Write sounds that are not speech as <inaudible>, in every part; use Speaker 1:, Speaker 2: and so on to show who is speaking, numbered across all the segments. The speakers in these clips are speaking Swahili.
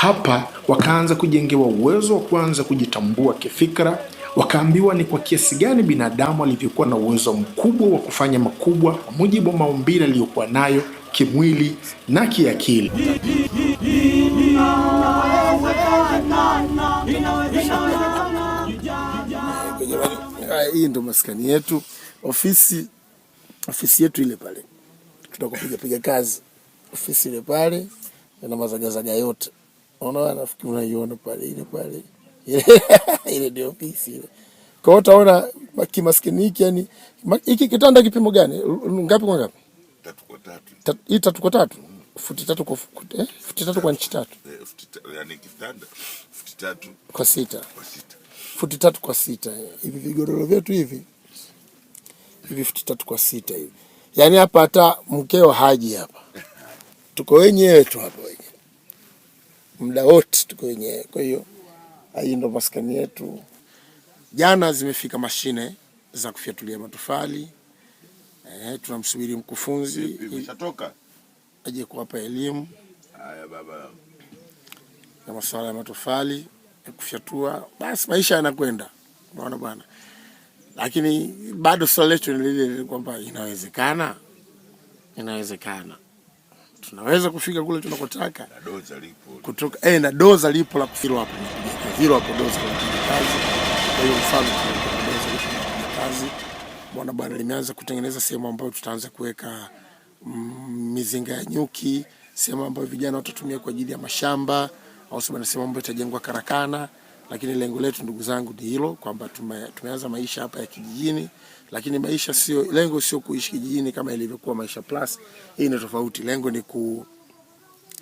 Speaker 1: Hapa wakaanza kujengewa uwezo wa kuanza kujitambua kifikra, wakaambiwa ni kwa kiasi gani binadamu alivyokuwa na uwezo mkubwa wa kufanya makubwa kwa mujibu wa maumbile aliyokuwa nayo kimwili na kiakili.
Speaker 2: Hii ndo maskani yetu, ofisi ofisi yetu ile pale, tutakupiga piga kazi ofisi ile pale na mazagazaga yote Unaona, nafikiri unaiona pale, ile pale <laughs> ile ndio ofisi ile. Kwa hiyo utaona kimaskini hiki, yani hiki kitanda kipimo gani? ngapi kwa ngapi?
Speaker 3: tatu kwa tatu.
Speaker 2: hii tatu kwa tatu futi tatu kwa eh, futi tatu kwa nchi tatu,
Speaker 3: eh, yani kitanda futi tatu
Speaker 2: kwa sita, kwa sita futi tatu kwa sita. Eh, hivi vigodoro vyetu hivi hivi futi tatu kwa sita hivi, yani hapa hata mkeo haji hapa, <laughs> tuko wenyewe tu hapa wenyewe muda wote tuko wenyewe. Kwa hiyo hii ndo maskani yetu. Jana zimefika mashine za kufyatulia matofali eh, tunamsubiri mkufunzi aje kuwapa elimu na masuala ya matofali ya kufyatua. Basi maisha yanakwenda, unaona bwana, lakini bado swali letu ni lile kwamba inawezekana, inawezekana tunaweza kufika kule tunakotaka kutoka eh, na doza lipo la kufiro hapo hilo hapo doza la kazi. Kwa hiyo mfano doza lipo la kazi bwana bwana, limeanza kutengeneza sehemu ambayo tutaanza kuweka mm, mizinga ya nyuki, sehemu ambayo vijana watatumia kwa ajili ya mashamba au sema sehemu ambayo itajengwa karakana lakini lengo letu ndugu zangu ni hilo kwamba tumeanza maisha hapa ya kijijini, lakini maisha sio lengo, sio kuishi kijijini kama ilivyokuwa Maisha Plus. Hii ni tofauti, lengo ni ku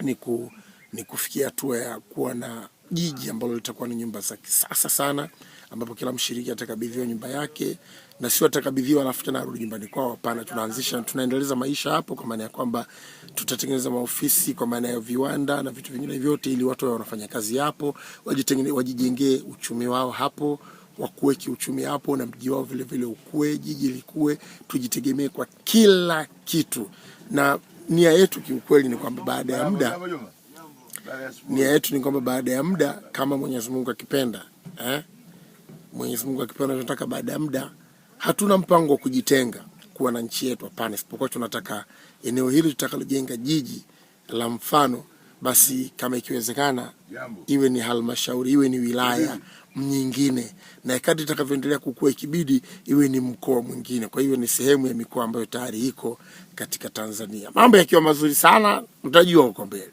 Speaker 2: ni ku ni kufikia hatua ya kuwa na jiji ambalo litakuwa ni nyumba za kisasa sana, ambapo kila mshiriki atakabidhiwa nyumba yake na sio atakabidhiwa alafu tena arudi nyumbani kwao. Hapana, tunaanzisha tunaendeleza maisha hapo, kwa maana ya kwamba tutatengeneza maofisi kwa maana ya viwanda na vitu vingine vyote, ili watu wanafanya kazi hapo, wajitengene wajijengee uchumi wao hapo wakuwe kiuchumi hapo na mji wao vile vile ukue, jiji likue, tujitegemee kwa kila kitu. Na nia yetu kiukweli ni kwamba baada ya muda, nia yetu ni kwamba baada ya muda, kama Mwenyezi Mungu akipenda, eh, Mwenyezi Mungu akipenda, tunataka baada ya muda Hatuna mpango wa kujitenga kuwa na nchi yetu, hapana, isipokuwa tunataka eneo hili tutakalojenga jiji la mfano, basi kama ikiwezekana iwe ni halmashauri, iwe ni wilaya nyingine, na kadri itakavyoendelea kukua, ikibidi iwe ni mkoa mwingine. Kwa hiyo ni sehemu ya mikoa ambayo tayari iko katika Tanzania. Mambo yakiwa mazuri sana, mtajua huko mbele.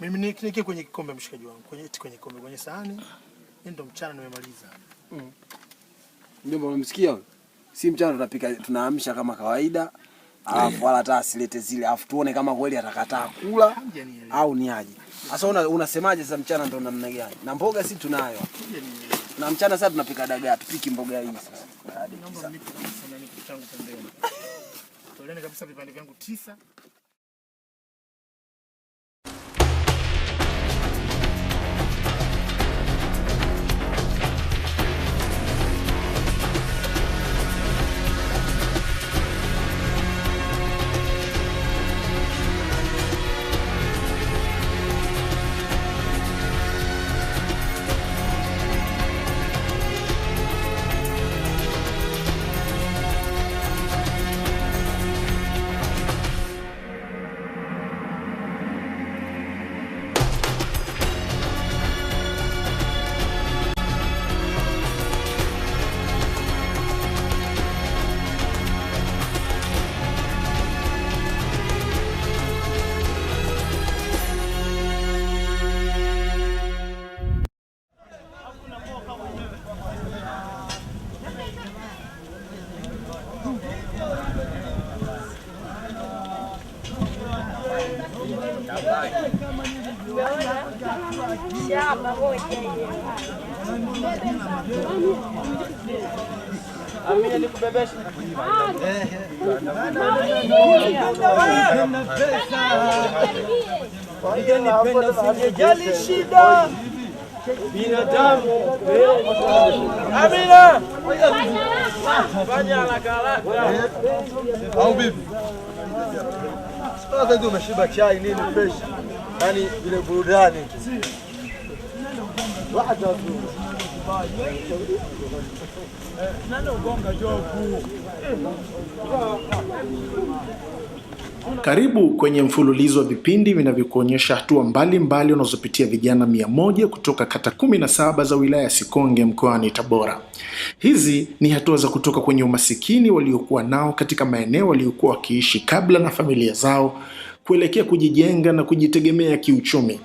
Speaker 4: Mimi nikinike kwenye kikombe mshikaji wangu, kwenye eti kwenye kikombe kwenye sahani. Mimi ndo mchana nimemaliza. Mm.
Speaker 2: Ndio mmemsikia? Si mchana tunapika tunaamsha kama kawaida. Alafu wala hata asilete zile. Alafu tuone kama kweli atakataa kula au ni aje. Sasa una unasemaje sasa mchana ndo namna gani? Na mboga si tunayo. Na mchana sasa tunapika dagaa, tupiki mboga hii sasa. Hadi. Naomba mimi kitu changu pembeni. <laughs> Toleni kabisa vipande vyangu tisa.
Speaker 1: Amina nikubebesha. Ningelipenda singejali shida binadamu. Amina, fanya haraka haraka, au bibi sasa hivi umeshiba chai nini fresh, yaani vile burudani karibu kwenye mfululizo wa vipindi vinavyokuonyesha hatua mbalimbali unazopitia vijana mia moja kutoka kata 17 za wilaya ya Sikonge mkoani Tabora. Hizi ni hatua za kutoka kwenye umasikini waliokuwa nao katika maeneo waliokuwa wakiishi kabla na familia zao kuelekea kujijenga na kujitegemea kiuchumi.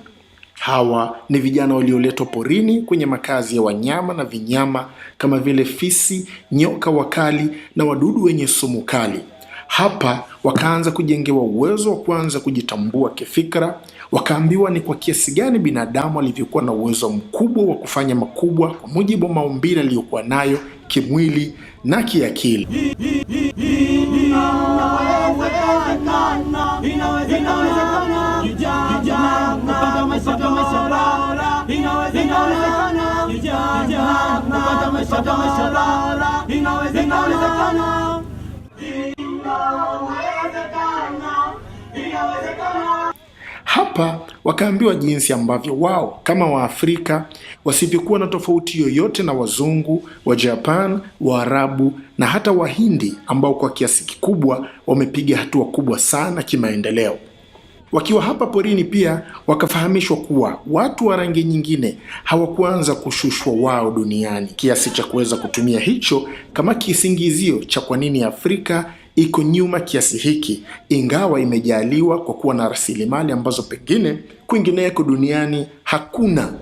Speaker 1: Hawa ni vijana walioletwa porini kwenye makazi ya wanyama na vinyama kama vile fisi, nyoka wakali na wadudu wenye sumu kali. Hapa wakaanza kujengewa uwezo wa kuanza kujitambua kifikra, wakaambiwa ni kwa kiasi gani binadamu alivyokuwa na uwezo mkubwa wa kufanya makubwa kwa mujibu wa maumbile aliyokuwa nayo kimwili na kiakili. Inawezekana, inawezekana maisha inawezekana, kupata maisha inawezekana. Hapa wakaambiwa jinsi ambavyo wao kama Waafrika wasivyokuwa na tofauti yoyote na wazungu wa Japan, Waarabu na hata Wahindi ambao kwa kiasi kikubwa wamepiga hatua kubwa sana kimaendeleo. Wakiwa hapa porini pia wakafahamishwa kuwa watu wa rangi nyingine hawakuanza kushushwa wao duniani kiasi cha kuweza kutumia hicho kama kisingizio cha kwa nini Afrika iko nyuma kiasi hiki, ingawa imejaliwa kwa kuwa na rasilimali ambazo pengine kwingineko duniani hakuna.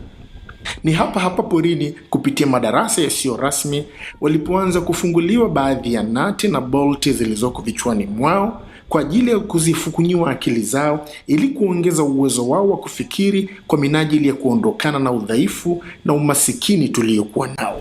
Speaker 1: Ni hapa hapa porini kupitia madarasa yasiyo rasmi walipoanza kufunguliwa baadhi ya nati na bolti zilizoko vichwani mwao kwa ajili ya kuzifukunyiwa akili zao ili kuongeza uwezo wao wa kufikiri kwa minajili ya kuondokana na udhaifu na umasikini tuliokuwa nao.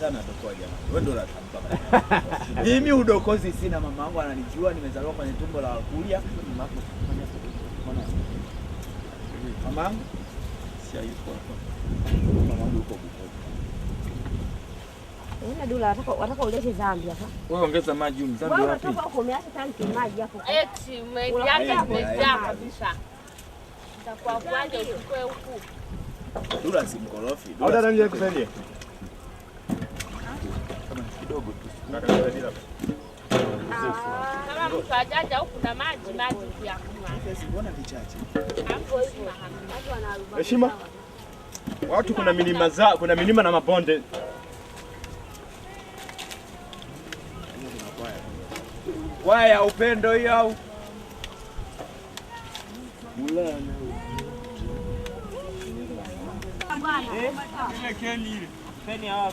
Speaker 2: sana dokoa jamani. Wewe ndio unatampa. Mimi udokozi sina, mama yangu ananijua, nimezaliwa kwenye tumbo la kulia. Mama yangu
Speaker 5: si hayupo hapa. Mama yangu yuko Bukoba. Una dola nataka nataka ulete zambi hapa.
Speaker 2: Wewe ongeza maji huko zambi wapi? Wewe
Speaker 5: unatoka umeacha tanki maji hapo.
Speaker 6: Eti maji yake yamejaa kabisa. Nitakuwa kwaje ukoe huku.
Speaker 2: Dola si mkorofi. Au dada nikusaidia? kidogo
Speaker 6: tu. huku na maji maji ya kunywa.
Speaker 2: Heshima. Watu kuna milima za kuna milima na mabonde. Waya upendo hiyo au? Mulana. ile keni ile. Peni hapo.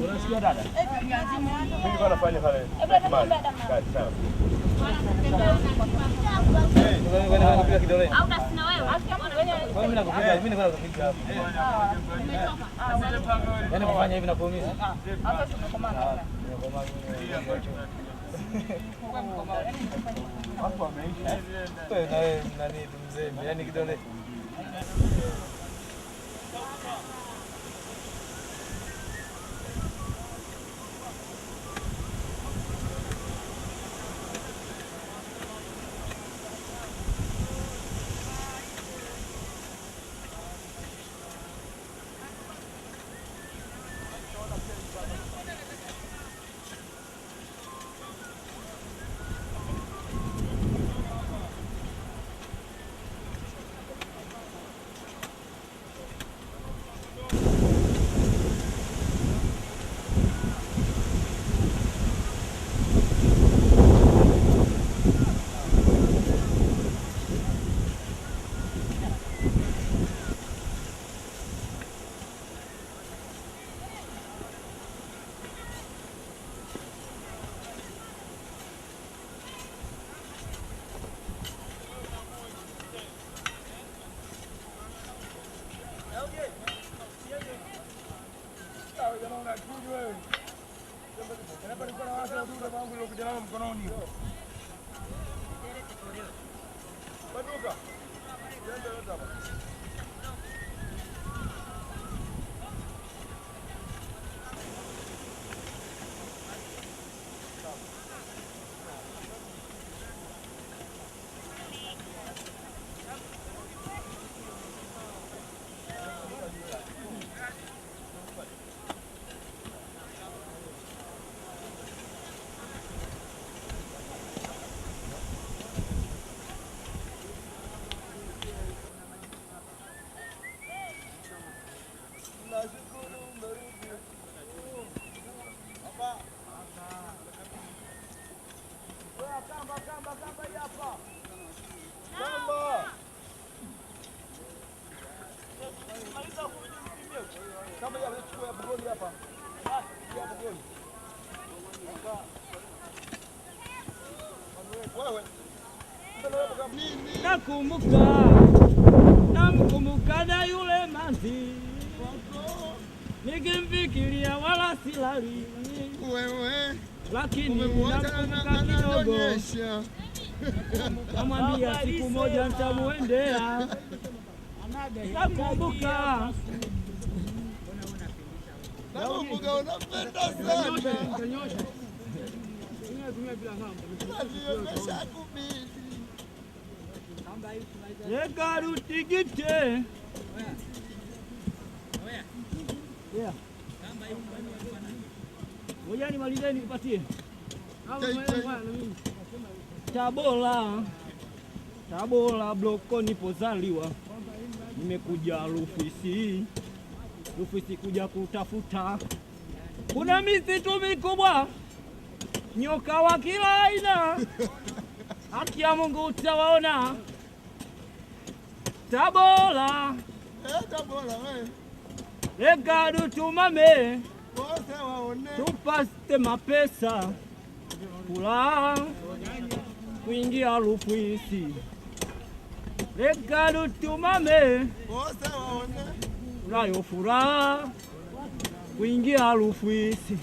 Speaker 2: Unasikia dada? Kufanya hivi nakuumiza. Watu wameishi. Wewe na wewe nani mzembe? Yaani kidole. Grônio.
Speaker 7: Namkumbuka, namkumbuka na yule manzi wako, nikimfikiria wala silali wewe, lakini nakumbuka kidogo, namwambia siku moja nitamuendea. Nakumbuka
Speaker 8: nakumbuka, unampenda sana
Speaker 7: yekarutigite ngojani malizeni nipatie tabola tabola bloko nipozaliwa, nimekuja Rufisi, Rufisi kuja kutafuta. Kuna misitu mikubwa, nyoka wa kila aina, <laughs> haki ya Mungu utawaona. Tabora legado eh, eh. tumame tupaste mapesa kula kuingia Lupwisi legado tumame unayo furaha kuingia Lupwisi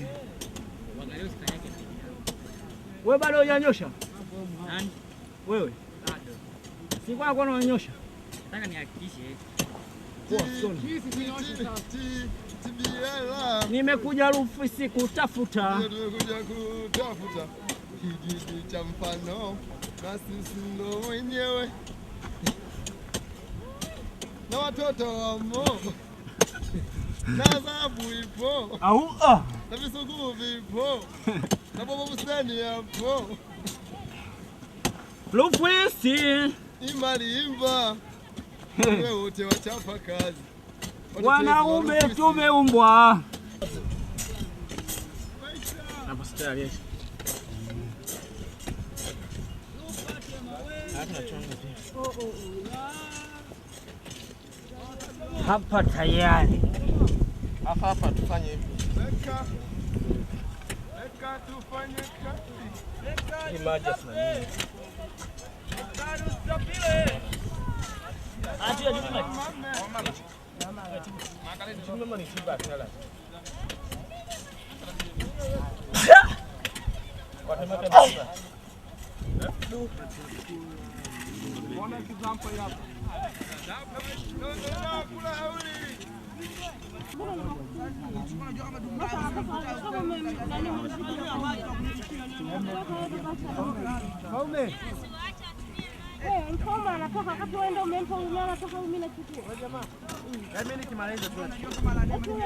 Speaker 7: we bado hujanyosha wewe sikwako naonyosha
Speaker 9: Nataka nihakikishe
Speaker 7: nimekuja kutafuta
Speaker 8: kijiji cha mfano na na watoto wamo na adhabu ipo
Speaker 7: ah.
Speaker 8: na visukuu vipo na baba Buseni yapo
Speaker 7: Rufisi
Speaker 8: imalimba wote wachapa kazi.
Speaker 7: Wanaume tumeumbwa hapa tayari.
Speaker 9: Hapa hapa tufanye hivi.
Speaker 8: Leka, leka tufanye
Speaker 9: kazi. Vamos
Speaker 5: ver. Mkoma anatoka wakati wewe ndio umempa huyu anatoka huyu, mimi nachukua. Wewe jamaa.
Speaker 9: Mimi nikimaliza tu. Nachukua nini?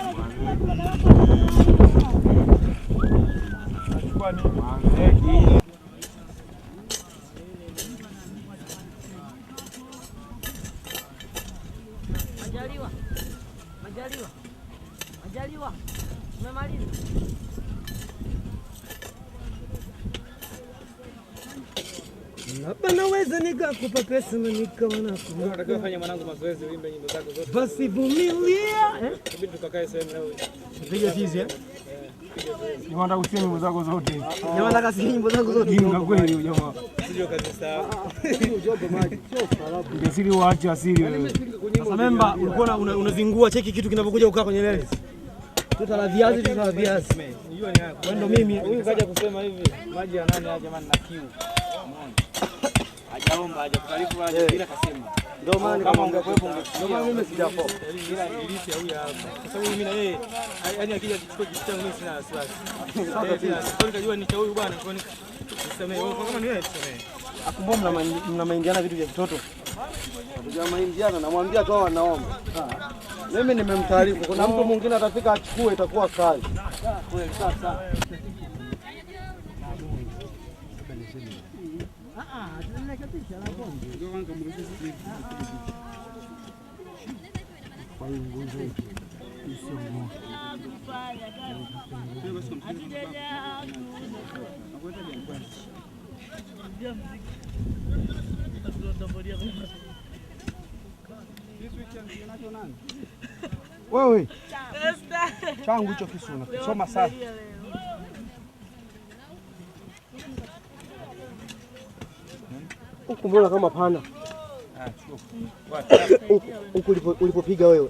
Speaker 9: Majaliwa. Majaliwa. Majaliwa. Umemaliza.
Speaker 7: Labda naweza nikakupa pesa na
Speaker 9: mwanangu mazoezi, wimbe nyimbo zako zote.
Speaker 7: Basi vumilia. Eh? tukakae sehemu leo. Piga tizi eh?
Speaker 9: nyimbo zako zote.
Speaker 7: nyimbo zako zote. Ni Sio waache wewe. Sasa memba ulikuwa unazingua cheki kitu kinapokuja ukaa kwenye lele. Tuta la viazi, tuta la viazi.
Speaker 9: Ndio mimi. Huyu kaja kusema hivi, maji ya nani jamani na kiu hajaomba hajakutarifu wala eh. hajajira kasema. Ndio maana kama ungekuwepo ungekuwa. Ndio mimi sijapo. Ila ilisi au ya kwa sababu mimi na yeye yani akija kuchukua kitu changu mimi sina wasiwasi. Sasa eh, kwa nikajua ni cha huyu bwana kwa nisamee. Kwa kama ni wewe nisamee.
Speaker 7: Akumbuka mna mna maingiana vitu vya kitoto.
Speaker 9: Kuja maingiana namwambia tu wanaomba. Ah.
Speaker 7: Mimi nimemtaarifu kuna mtu oh. mwingine atafika achukue itakuwa kali. Ah, kweli sasa. Wewe changu hicho kisu unakisoma sana. huku mbona kama pana ah, huku ulipopiga wewe.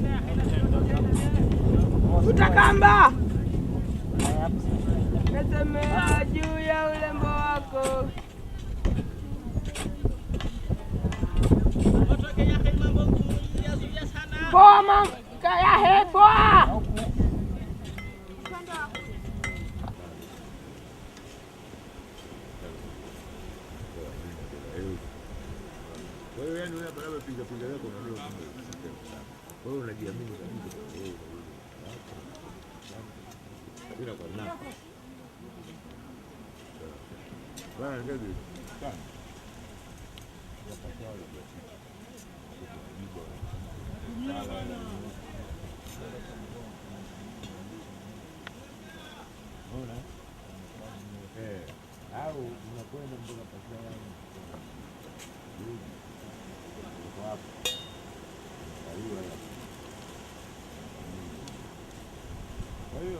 Speaker 7: tutakamba nasemea juu ya ulembo wako poa mamka yahe
Speaker 2: wewe yani wewe barabara pinga pinga yako, kwa hiyo unajiamini kabisa. 이라고 했나? 왜 그, 이게 일단 이거 Hayır.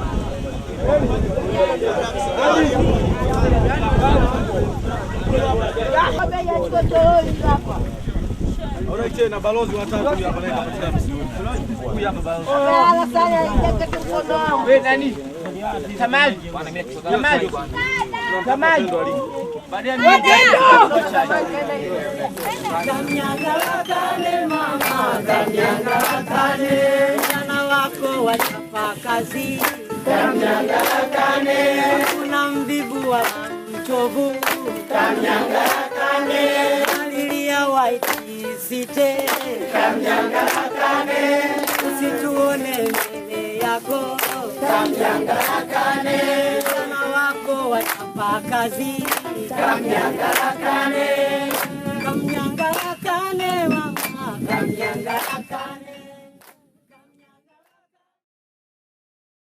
Speaker 8: na balozi watatu hapa
Speaker 10: na wako wachapa kazi tamnyangalakane hakuna mvivu wala mchovu tamnyangalakane alilia waitisite tamnyangalakane usituone mbele yako tamnyangalakane kama wako wachapa kazi tamnyangalakane tamnyangalakane mama tamnyangalakane